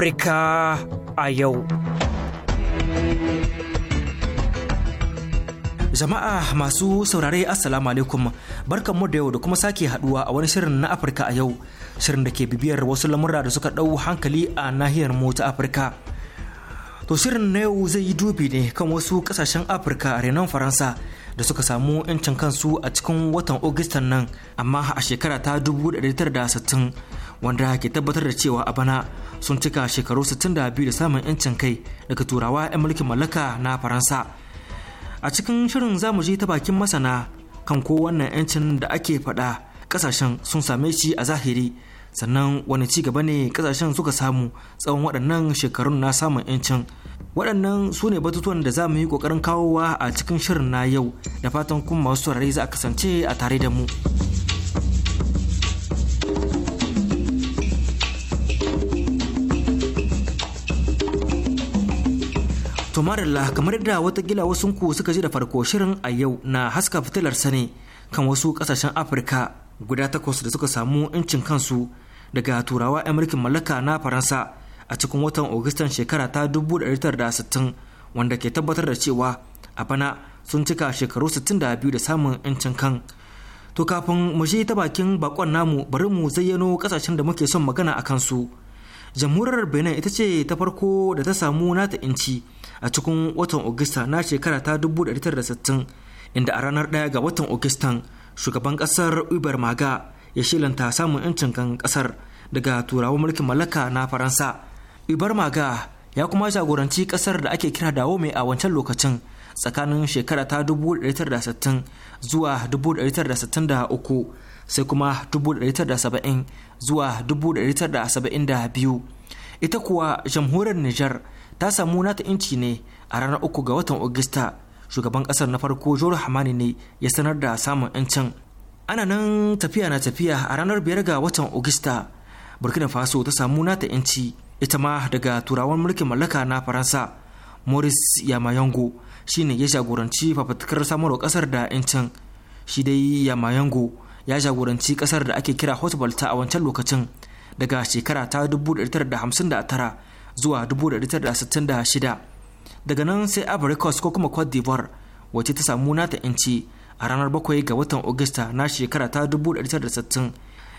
Afirka a yau. Jama'a masu saurare Assalamu alaikum mu da yau da kuma sake haduwa a wani shirin na Afirka a yau shirin da ke bibiyar wasu lamura da suka ɗau hankali a nahiyar mu ta Afirka. To shirin na yau zai yi dubi ne kan wasu ƙasashen Afirka renon Faransa da suka samu 'yancin kansu a cikin watan Agustan nan amma a shekara ta 1960 wanda ke tabbatar da cewa a bana sun cika shekaru 62 da samun 'yancin kai daga turawa 'yan mulkin mallaka na faransa a cikin shirin zamu je ta bakin masana kan ko wannan 'yancin da ake faɗa ƙasashen sun same shi a zahiri sannan wani ci gaba ne kasashen suka samu tsawon waɗannan shekarun na samun 'yancin waɗannan su ne batutuwan da za mu yi ƙoƙarin kawowa a cikin shirin na yau da fatan kuma masu saurari za a kasance a tare da mu. To marilla kamar yadda watakila wasunku suka ji da farko shirin a yau na haska fitilar sani kan wasu kasashen Afirka guda takwas da suka samu incin kansu daga turawa 'yan mulkin mallaka na Faransa a cikin watan Agustan shekara ta 1960 wanda ke tabbatar da cewa a bana sun cika shekaru 62 da samun incin kan. To kafin mu je ta bakin bakon namu bari mu zayyano kasashen da muke son magana a kansu. Jamhuriyar Benin ita ce ta farko da ta samu nata inci. a cikin watan Ogista na shekara ta 1960 inda a ranar ɗaya ga watan Ogistan shugaban ƙasar Uber Maga ya shilanta samun 'yancin kan ƙasar daga turawan mulkin mallaka na Faransa. Uber Maga ya kuma jagoranci ƙasar da ake kira dawo mai a wancan lokacin tsakanin shekara ta 1960 zuwa 1963 sai kuma 1970 zuwa 1972 ita kuwa jamhuriyar Nijar ta samu nata inci ne a ranar uku ga watan Ogista shugaban kasar na farko Joro Hamani ne ya sanar da samun 'yancin. Ana nan tafiya na tafiya a ranar biyar ga watan Ogista Burkina Faso ta samu nata 'yanci ita ma daga turawan mulkin mallaka na Faransa Maurice Yamayango shine ya jagoranci fafatakar samarwa kasar da 'yancin shi dai Yamayango ya jagoranci kasar da ake kira Hotball ta a wancan lokacin daga shekara ta 1959 zuwa 1966 daga nan sai abricos ko kuma cote d'ivoire wacce ta samu nata inci a ranar 7 ga watan augusta na shekara ta 1960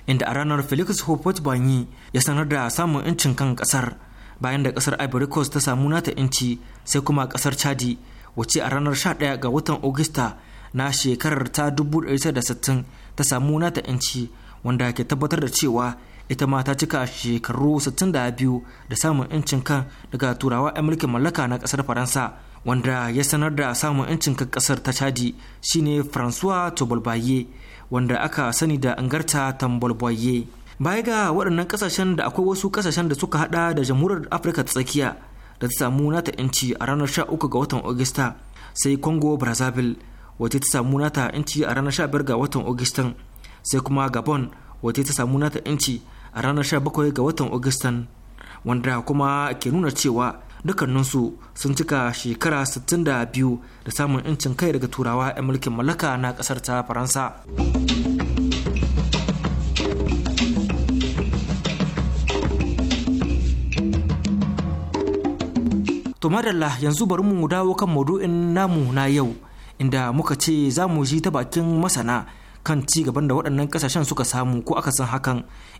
inda a ranar felix hopot banyi ya sanar da samun incin kan kasar bayan da kasar abricos ta samu nata inci sai kuma kasar chadi wacce a ranar 11 ga watan augusta na shekarar ta 1960 ta samu nata inci wanda ke tabbatar da cewa ita ma ta cika shekaru 62 da samun incin kan daga turawa 'yan mulkin mallaka na kasar faransa wanda ya sanar da samun incin kan kasar ta chadi shine francois tobolbaye wanda aka sani da angarta tambolbaye baya ga waɗannan kasashen da akwai wasu kasashen da suka hada da jamhuriyar afirka ta tsakiya da ta samu nata inci a ranar 13 ga watan augusta sai congo brazzaville wace ta samu nata inci a ranar 15 ga watan augustan sai kuma gabon wace ta samu nata inci. a ranar 17 ga watan augustan wanda kuma ke nuna cewa dukkaninsu sun cika shekara 62 da samun incin kai daga turawa 'yan mulkin mallaka na kasar ta faransa to madalla yanzu bari mu dawo kan maudu'in namu na yau inda muka ce za mu ji ta bakin masana kan ci gaban da waɗannan kasashen suka samu ko aka san hakan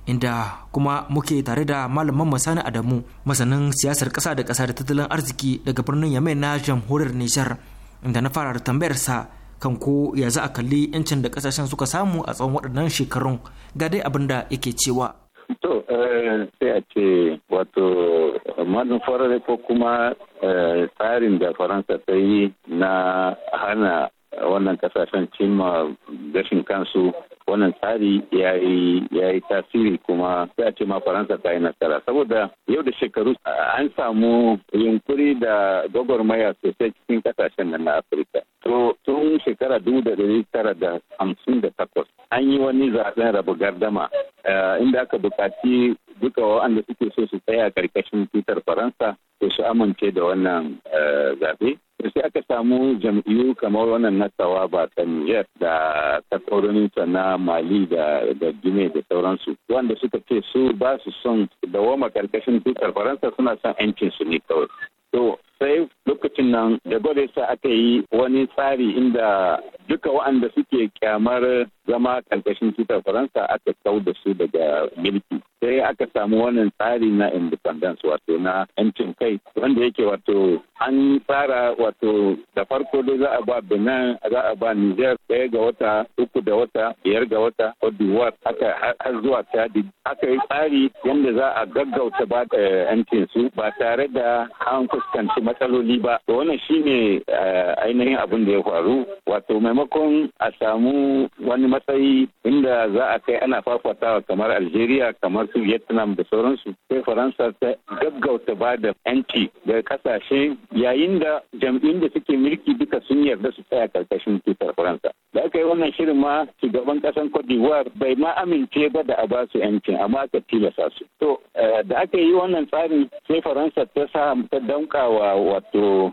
inda kuma muke tare da malaman masani adamu masanin siyasar ƙasa da ƙasa da tattalin arziki daga birnin yamai na jamhuriyar nijar inda na fara tambayarsa kan ko ya za a kalli 'yancin da ƙasashen suka samu a tsawon waɗannan shekarun ga dai abin da yake cewa To, eh, sai a ce wato manufar ko kuma eh, tsarin da Faransa ta yi na hana wannan kasashen cimma gashin kansu wannan tsari ya yi tasiri kuma sai ce ma faransa ta yi nasara saboda yau da shekaru an samu yunkuri da gwagwarmaya sosai cikin kasashen nan na afirka tun shekara dubu da dari tara da hamsin da takwas an yi wani zaben raba gardama eh, inda aka bukaci duka waɗanda suke so su tsaya karkashin tutar faransa to su amince da wannan eh, zaɓe sai aka samu jam'iyyu kamar wannan na tawaba ta niger da takwarorinta na mali da da gine da sauransu wanda suka ce su ba su son dawoma karkashin tutar faransa suna son 'yancin su ne kawai to sai lokacin nan da gwada sa aka yi wani tsari inda duka waɗanda suke kyamar zama karkashin cutar faransa aka kau da su daga milki sai aka samu wannan tsari na independence wato na yancin kai wanda yake wato an fara wato da farko dai za a ba benin za a ba niger ɗaya ga wata uku da wata biyar ga wata odiwar aka har zuwa chadi aka yi tsari yadda za a gaggauta ba yancin su ba tare da an fuskanci matsaloli ba to wannan shine eh, ainihin abin da ya faru wato maimakon a samu wani matsayi inda za a kai ana fafatawa kamar algeria kamar su vietnam da sauransu sai faransa ta gaggauta ba da yanci da kasashe yayin da jam'in da suke mulki duka sun yarda su tsaya karkashin tutar faransa da aka yi wannan shirin ma shugaban kasan cote bai ma amince ba da a ba su yancin amma aka tilasa su to eh, da aka yi wannan tsari sai faransa ta sa ta wa wato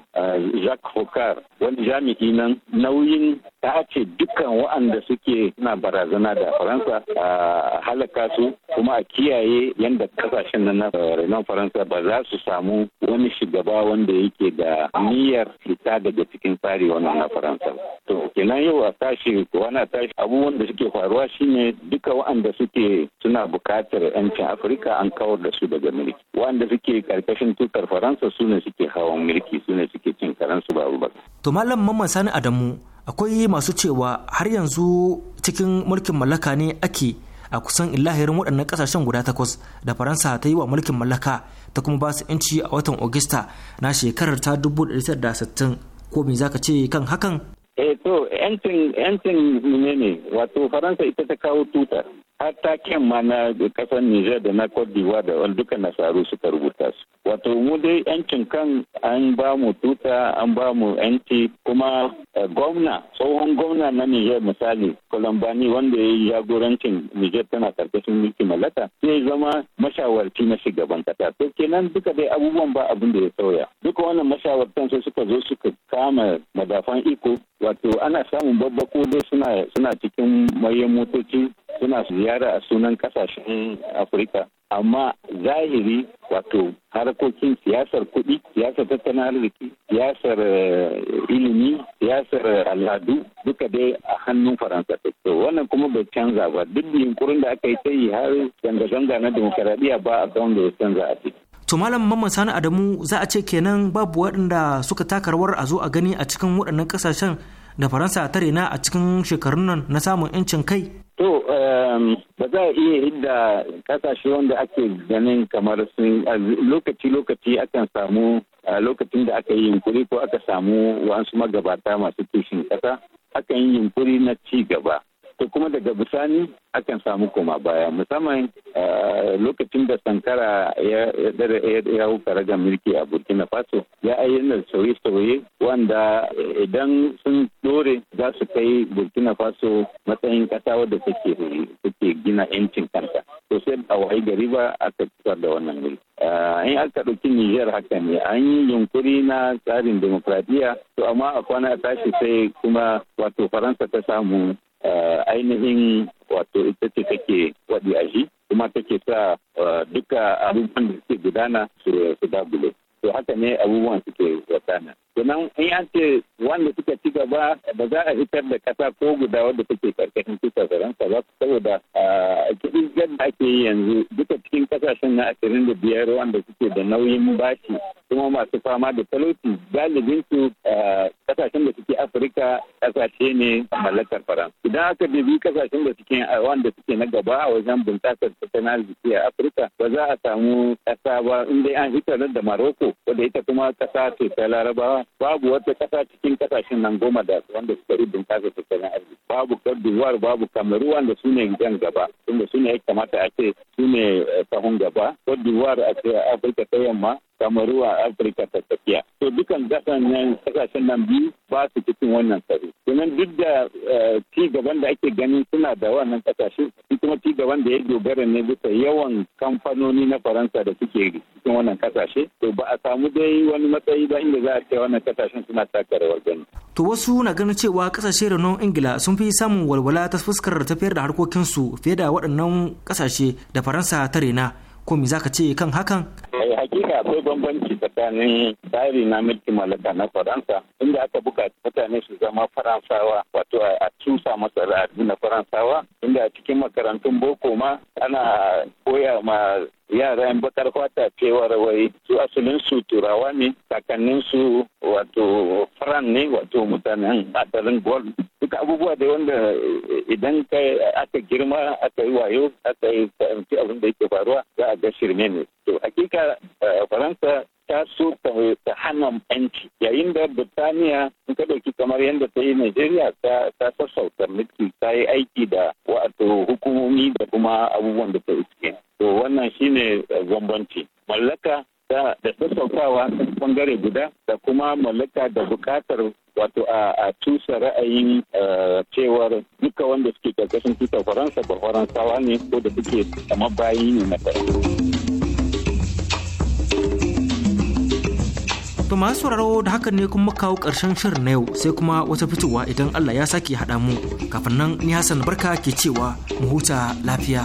Jacques Hokar wani jami'i nan nauyin ta ce dukkan waɗanda suke na barazana da Faransa a halaka su kuma a kiyaye yadda kasashen nan na renon Faransa ba za su samu wani shugaba wanda yake da niyyar fita daga cikin tsari wannan na Faransa. To kenan yau a tashi wani tashi abubuwan da suke faruwa shine duka waɗanda suke suna buƙatar 'yancin Afirka an kawar da su daga mulki. Waɗanda suke ƙarƙashin tutar Faransa su ne suke hawan masu mulki su ne suke cin karansu ba ba. To Malam Mamman Sani Adamu akwai masu cewa har yanzu cikin mulkin mallaka ne ake a kusan illahirin waɗannan ƙasashen guda takwas da Faransa ta yi wa mulkin mallaka ta kuma ba su inci a watan Ogista na shekarar ta 1960 ko me zaka ce kan hakan? Eh to yancin yancin ne wato Faransa ita ta kawo tutar attaken ma na kasar Nijar da na Cote d'Ivoire da duka nasaru suka rubuta su. Wato mu dai yancin kan an ba mu tuta an ba mu yanci kuma eh, gwamna tsohon gwamna na Nijar misali Colombani wanda ya yi jagorancin Nijar tana karkashin mulki mallaka sai zama mashawarci na shugaban kasa. To kenan duka dai abubuwan ba abin da ya sauya. Duka wannan mashawartan sai suka zo suka kama madafan iko wato ana samun babba ko dai suna suna cikin mayan motoci suna ziyara a sunan kasashen afirka amma zahiri wato harkokin siyasar kuɗi siyasar tattalin arziki siyasar eh, ilimi siyasar al'adu duka dai a hannun faransa to wannan kuma bai canza ba duk yunkurin da aka yi ta yi har zanga-zanga na demokaradiyya ba a da ya canza a ciki to malam mamman sani adamu za a ce kenan babu waɗanda suka taka rawar a zo a gani a cikin waɗannan ƙasashen da faransa ta rena a cikin shekarun nan na samun 'yancin kai To, um, ba za a iya hidda kasashe wanda ake ganin kamar sun lokaci-lokaci akan samu lokacin da aka yi yunkuri ko aka samu wasu magabata masu kishin kasa, akan yi yunkuri na ci gaba. to kuma daga bisani akan samu koma baya musamman eh, lokacin da sankara ya wuka raga mulki a burkina faso ya ayyana sauye-sauye wanda idan sun dore za su kai burkina faso matsayin kasa wadda take gina 'yancin kanta to sai a wayi gari ba aka fitar da wannan mulki eh, in aka ɗauki nijar haka ne an yi yunkuri na tsarin demokradiyya to amma a kwana tashi sai kuma wato faransa ta samu Eh, ainihin wato ita ce take waɗi a shi kuma take sa eh, duka abubuwan da suke gudana su dagule. to haka ne abubuwan suke wasana. sannan in an ce wanda suka ci gaba ba za a fitar da kasa ko guda wadda take karkashin tutar faransa ba saboda a kiɗin yadda ake yi yanzu duka cikin kasashen na ashirin da biyar wanda suke da nauyin bashi kuma masu fama da talauci galibin su kasashen da suke afirka kasashe ne mallakar faransa idan aka bibi kasashen da suke wanda suke na gaba a wajen bunƙasar tattalin arziki a afirka ba za a samu ƙasa ba in dai an fitar da maroko Morocco wadda ita kuma kasa ce ta Larabawa babu wata kasa cikin kasashen nan goma da wanda suka yi bunƙasa tattalin arziki babu Cote babu kamaru wanda su ne yan gaba tunda su ne ya kamata a ce su ne eh, sahun gaba Cote a ce Afirka ta yamma kamaru a afirka ta tafiya to dukan gasan nan kasashen nan biyu ba su cikin wannan tsaro domin duk da eh, ci gaban da ake ganin suna da wannan kasashe shi kuma ci gaban da ya dogara ne bisa yawan kamfanoni na faransa da suke cikin wannan kasashe to ba a samu dai wani matsayi ba inda za a ce wannan kasashen suna taka rawar gani to wasu na ganin cewa kasashe da renon ingila sun fi samun walwala ta fuskar tafiyar da harkokinsu fiye da waɗannan kasashe da faransa ta rena ko me zaka ce kan hakan eh, hakika akwai bambanci tsakanin tsari na mulkin mallaka na faransa inda aka buga mutane su zama faransawa wato a tusa masa al'adu na faransawa inda a cikin makarantun boko ma ana koya ma yara yan bakar fata cewar wai su asalin su turawa ne kakannin su wato faran ne wato mutanen asalin gol duka abubuwa da wanda idan aka girma aka yi wayo aka yi fahimci abin da yake faruwa za a ga shirme ne to hakika eh, faransa ta so ta hana yanci yayin da birtaniya in ka ɗauki kamar yadda ta yi nigeria ta sassauta mulki ta yi aiki da wato hukumomi da kuma abubuwan da ta iske to wannan shine eh, bambanci mallaka da sassautawa bangare guda da kuma mallaka da bukatar wato a tusa ra'ayin cewar duka wanda suke karkashin tutar faransa ba faransawa ne ko da suke kama bayi ne na To masu sauraro da hakan ne kuma kawo ƙarshen shirin na yau sai kuma wata fitowa idan Allah ya sake haɗa mu kafin nan ni Hassan barka ke cewa mu huta lafiya.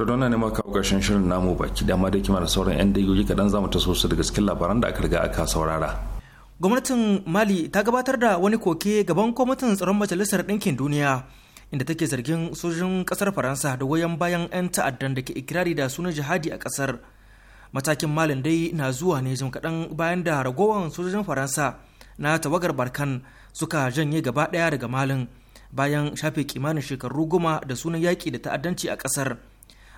to don ne maka karshen shirin namu baki dama da kima da sauran 'yan dayoyi kaɗan zamu ta so su daga cikin labaran da aka riga aka saurara gwamnatin mali ta gabatar da wani koke gaban kwamitin tsaron majalisar ɗinkin duniya inda take zargin sojin ƙasar faransa da goyon bayan 'yan ta'addan da ke ikirari da sunan jihadi a ƙasar matakin malin dai na zuwa ne jim kaɗan bayan da ragowar sojojin faransa na tawagar barkan suka janye gaba ɗaya daga malin bayan shafe kimanin shekaru goma da sunan yaƙi da ta'addanci a ƙasar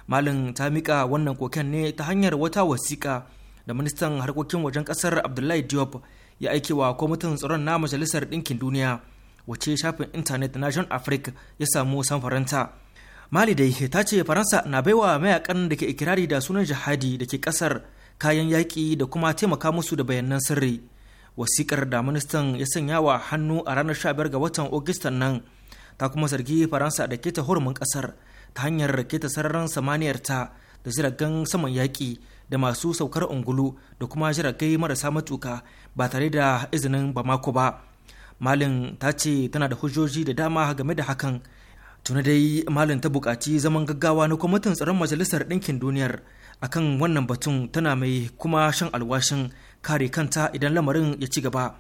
malin ta mika wannan koken ne ta hanyar wata wasiƙa da ministan harkokin wajen ƙasar abdullahi diop ya aike wa kwamitin tsaron na majalisar ɗinkin duniya wace shafin intanet na jean africa ya samu samfaranta mali dai ta ce faransa na baiwa mayakan da ke ikirari da sunan jihadi da ke ƙasar kayan yaƙi da kuma taimaka musu da bayanan sirri wasikar da ministan ya sanya wa hannu a ranar 15 ga watan ogustan nan ta kuma zargi Faransa da keta hurumin ƙasar. ta hanyar raketa sararin samaniyar ta da jiragen saman yaƙi da masu saukar ungulu da kuma jiragai marasa matuka ba tare da izinin bamako ba malin ta ce tana da hujjoji da dama game da hakan tuna dai malin ta buƙaci zaman gaggawa na kwamitin tsaron majalisar ɗinkin duniyar akan wannan batun tana mai kuma shan alwashin kare kanta idan lamarin ya ci gaba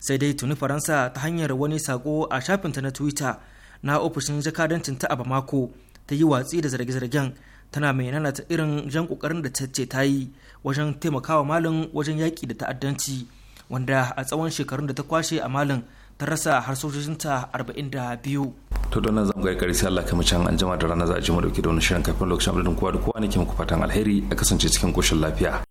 sai dai tuni faransa ta hanyar wani sako a shafinta na twitter na ofishin jakadancin a bamako ta yi watsi da zarge-zargen tana mai nanata irin jan kokarin da ta ce ta yi wajen taimakawa malin wajen yaƙi da ta'addanci wanda a tsawon shekarun da ta kwashe a malin ta rasa har sojojinta 42 to don nan zamu kari sai Allah kamar can an da rana za a ji mu dauke da wani shirin kafin lokacin da kowa da kowa ne ke muku fatan alheri a kasance cikin koshin lafiya